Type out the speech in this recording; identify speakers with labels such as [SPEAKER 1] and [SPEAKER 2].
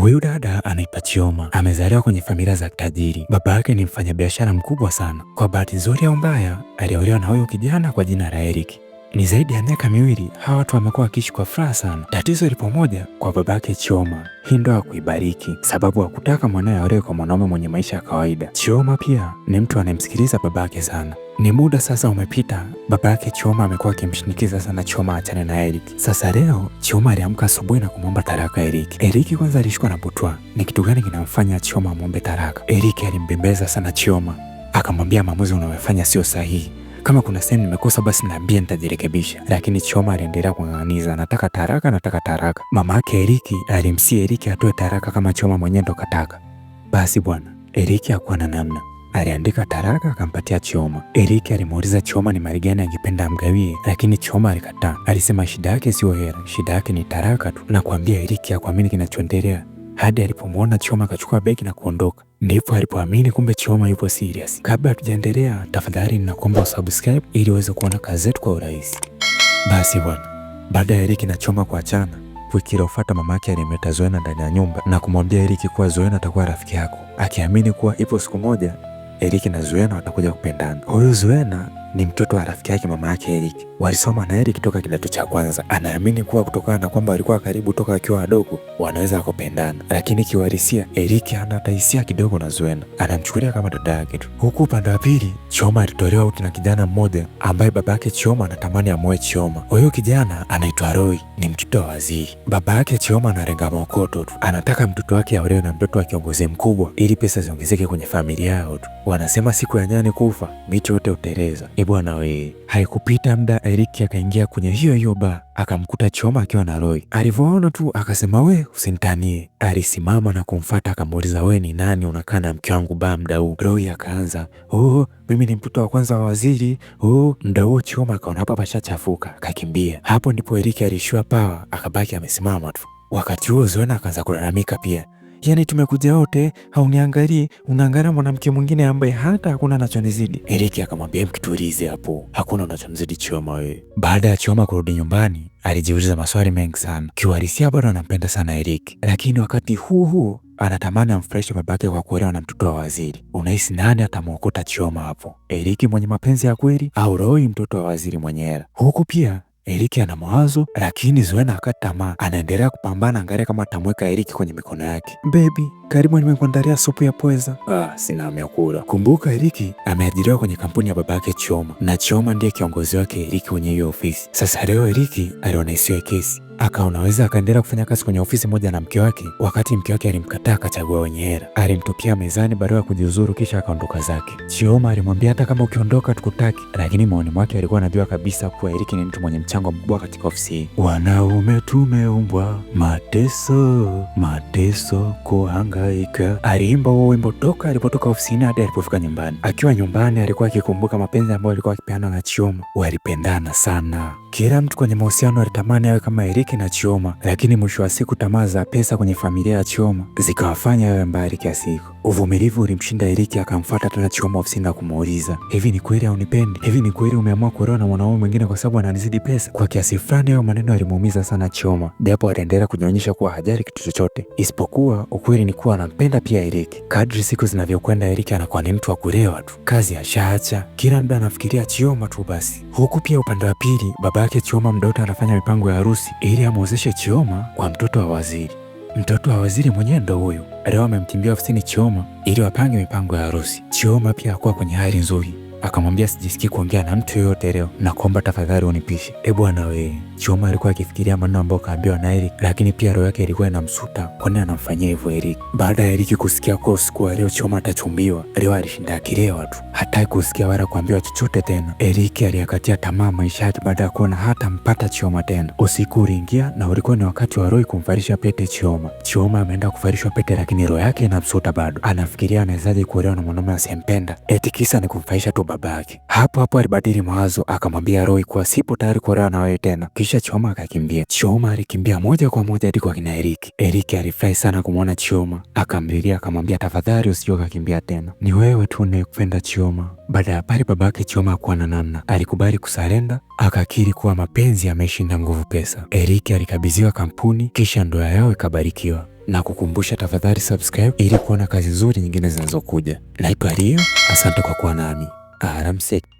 [SPEAKER 1] Huyu dada anaitwa Chioma, amezaliwa kwenye familia za tajiri. Baba yake ni mfanyabiashara mkubwa sana. Kwa bahati nzuri au mbaya, aliolewa na huyu kijana kwa jina la Eric. Ni zaidi ya miaka miwili hawa watu wamekuwa wakiishi kwa furaha sana. Tatizo lipo moja kwa babake Chioma, hii ndoa kuibariki sababu hakutaka mwanawe aolewe kwa mwanaume mwenye maisha ya kawaida. Chioma pia ni mtu anayemsikiliza babake sana. Ni muda sasa umepita, baba yake Chioma amekuwa akimshinikiza sana Chioma achane na Eric. Sasa leo Chioma aliamka asubuhi na kumwomba taraka Eric. Eric kwanza alishikwa na butwa, ni kitu gani kinamfanya Chioma amwombe taraka? Eric alimbembeza sana Chioma, akamwambia maamuzi unayofanya sio sahihi kama kuna sehemu nimekosa basi niambie, nitajirekebisha. Lakini Choma aliendelea kung'ang'aniza, nataka taraka, nataka taraka. Mama yake Eriki alimsi Eriki atoe taraka kama Choma mwenyewe ndo kataka. Basi bwana Eriki hakuwa na namna, aliandika taraka akampatia Choma. Eriki alimuuliza Choma ni mali gani angependa amgawie, lakini Choma alikataa. Alisema shida yake sio hela, shida yake ni taraka tu. Nakwambia Eriki akwamini kinachoendelea hadi alipomwona Choma akachukua begi na kuondoka. Ndipo alipoamini kumbe Choma yupo serious. Kabla hatujaendelea, tafadhali ninakuomba usubscribe ili uweze kuona kazi zetu kwa urahisi. Basi bwana, baada ya Eric na Choma kuachana, wiki iliyofuata mamake alimleta Zoena ndani ya nyumba na kumwambia Eriki kuwa Zoena atakuwa rafiki yako, akiamini kuwa ipo siku moja Eriki na zoena watakuja kupendana. Huyu Zoena ni mtoto wa rafiki yake mama yake Eric. Walisoma na Eric toka kidato cha kwanza. Anaamini kuwa kutokana na kwamba walikuwa karibu toka wakiwa wadogo, wanaweza kupendana, lakini kiwarisia, Eric ana hisia kidogo na Zuena, anamchukulia kama dada yake tu. Huku upande wa pili, choma alitolewa uti na kijana mmoja ambaye baba yake Chioma anatamani amoe Chioma. Huyu kijana anaitwa Roy, ni mtoto wa waziri. Baba yake Chioma anarenga mokoto tu, anataka mtoto wake aolewe na mtoto wa kiongozi mkubwa ili pesa ziongezeke kwenye familia yao tu. Wanasema siku ya nyani kufa, miti yote uteleza. E bwana we, haikupita muda Eriki akaingia kwenye hiyo hiyo ba akamkuta Choma akiwa na Roy. Alivyoona tu akasema we, usinitanie. Alisimama na kumfata akamuuliza, we ni nani unakaa na mke wangu baa mda huu? Roy akaanza oh, mimi ni mtoto wa kwanza wa waziri. Oh, Mda huo Choma akaona hapa pashachafuka akakimbia. Hapo ndipo Eriki alishua pawa akabaki amesimama tu. Wakati huo Zuena akaanza kulalamika pia yani tumekuja wote, hauniangalii, unaangalia mwanamke mwingine ambaye hata hakuna anachonizidi. Eriki akamwambia mkitulize hapo, hakuna unachonizidi Chioma wewe. Baada ya Chioma kurudi nyumbani, alijiuliza maswali mengi sana. Kiuhalisia bado anampenda sana erik lakini wakati huo huo anatamani amfurahishe babake kwa kuolewa na mtoto wa waziri. Unahisi nani atamwokota Chioma hapo, Eriki mwenye mapenzi ya kweli au Roy mtoto wa waziri mwenye hela? Huku pia Eriki ana mawazo lakini Zuena akata tamaa, anaendelea kupambana, angalia kama atamweka Eriki kwenye mikono yake. Bebi, karibu nimekuandalia supu ya pweza.
[SPEAKER 2] Ah, sina amekula.
[SPEAKER 1] Kumbuka Eriki ameajiriwa kwenye kampuni ya baba yake Chioma na Chioma ndiye kiongozi wake Eriki kwenye hiyo ofisi. Sasa leo Eriki alionesiwa kesi aka unaweza akaendelea kufanya kazi kwenye ofisi moja na mke wake, wakati mke wake alimkataa akachagua wenye hela. Alimtupia mezani barua ya kujiuzuru, kisha akaondoka zake. Chioma alimwambia hata kama ukiondoka tukutaki, lakini maoni mwake alikuwa anajua kabisa kuwa Eriki ni mtu mwenye mchango mkubwa katika ofisi hii. Wanaume tumeumbwa mateso, mateso, kuhangaika. Aliimba huo wimbo toka alipotoka ofisini hadi alipofika nyumbani. Akiwa nyumbani, alikuwa akikumbuka mapenzi ambayo alikuwa akipeana na Chioma. Walipendana sana, kila mtu kwenye mahusiano alitamani awe kama Eric yake na Choma, lakini mwisho wa siku tamaa za pesa kwenye familia ya Choma zikawafanya yawe mbali kiasi hiko. Uvumilivu ulimshinda Eriki, akamfuata tena Choma ofisini na kumuuliza, hivi ni kweli haunipendi? Hivi ni kweli umeamua kuolewa na mwanaume mwingine kwa sababu ananizidi pesa? Kwa kiasi fulani, hayo maneno yalimuumiza sana Choma, japo aliendelea kujionyesha kuwa hajali kitu chochote, isipokuwa ukweli ni kuwa anampenda pia Eriki. Kadri siku zinavyokwenda, Eriki anakuwa ni mtu wa kulewa tu, kazi ashaacha, kila muda anafikiria Choma tu basi. Huku pia upande wa pili, baba yake Choma mdoto anafanya mipango ya harusi ili ili amwozeshe Chioma kwa mtoto wa waziri. Mtoto wa waziri mwenyewe ndo huyu. Leo amemkimbia ofisini Chioma ili wapange mipango ya harusi. Chioma pia hakuwa kwenye hali nzuri akamwambia sijisikii kuongea na mtu yoyote leo na kuomba tafadhali unipishe. E bwana we, Chioma alikuwa akifikiria maneno ambayo kaambiwa na Eric, lakini pia roho yake ilikuwa inamsuta, kwani anamfanyia hivyo Eric? Baada ya Eric kusikia kwa usiku wa leo Chioma atachumbiwa, leo alishinda akilewa tu, hataki kusikia wala kuambiwa chochote tena. Eric aliyakatia tamaa maisha yake baada ya kuona hata mpata Chioma tena. Usiku uliingia na ulikuwa ni wakati wa Roy kumfarisha pete Chioma. Chioma ameenda kufarishwa pete, lakini roho yake inamsuta bado, anafikiria anawezaje kuolewa na mwanaume asiyempenda, eti kisa ni kumfarisha tu babake. Hapo hapo alibadili mawazo, akamwambia Roy kuwa sipo tayari kuolewa na wewe tena, kisha Choma akakimbia. Choma alikimbia moja kwa moja hadi kwa kina Eric. Eric alifurahi sana kumwona Choma, akamlilia akamwambia, tafadhali usije ukakimbia tena, ni wewe tu unayekupenda Choma. Baada ya pale babake Choma hakuwa na namna, alikubali kusalenda, akakiri kuwa mapenzi yameshinda nguvu pesa. Eric alikabidhiwa kampuni, kisha ndoa yao ikabarikiwa na kukumbusha tafadhali subscribe ili kuona kazi nzuri nyingine zinazokuja. Naitwa Rio, asante kwa kuwa nami. är han sick.